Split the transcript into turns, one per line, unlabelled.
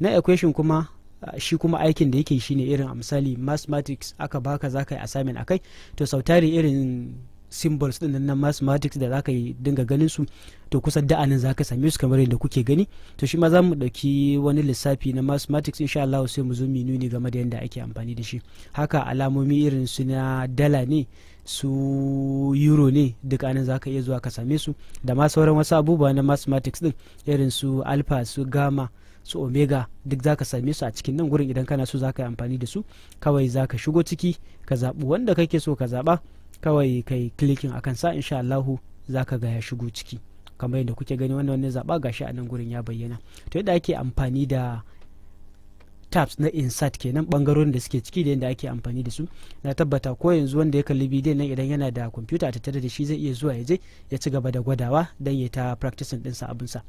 na equation kuma shi kuma aikin da yake ne irin a misali mathematics aka baka za ka yi assignment kai to sautari irin symbols din na mathematics da zaka yi dinga ganin su to kusa da anan zaka same su kamar yadda kuke gani to shi ma za mu dauki wani lissafi na mathematics insha Allah sai mu zo mu nuni game da yadda ake amfani da shi haka alamomi irin su na dala ne su euro ne duk anan zaka iya zuwa ka same su da ma sauran wasu abubuwa na mathematics din irin su alpha su gamma su omega duk zaka same su a cikin nan gurin idan kana so zaka yi amfani da su kawai zaka shigo ciki ka zaɓi wanda kake so ka zaɓa kawai kai klikin akan sa insha Allahu zaka ga ya shigo ciki kamar yadda kuke gani wannan wani zaba gashi a nan gurin ya bayyana to yadda ake amfani da tabs na insert kenan bangarorin da suke ciki da yadda ake amfani da su na tabbata ko yanzu wanda ya kalli bidiyon nan idan yana da kwamfuta a tattare da shi zai iya zuwa ya je ya ci gaba da gwadawa don ya ta practicing ɗinsa abinsa.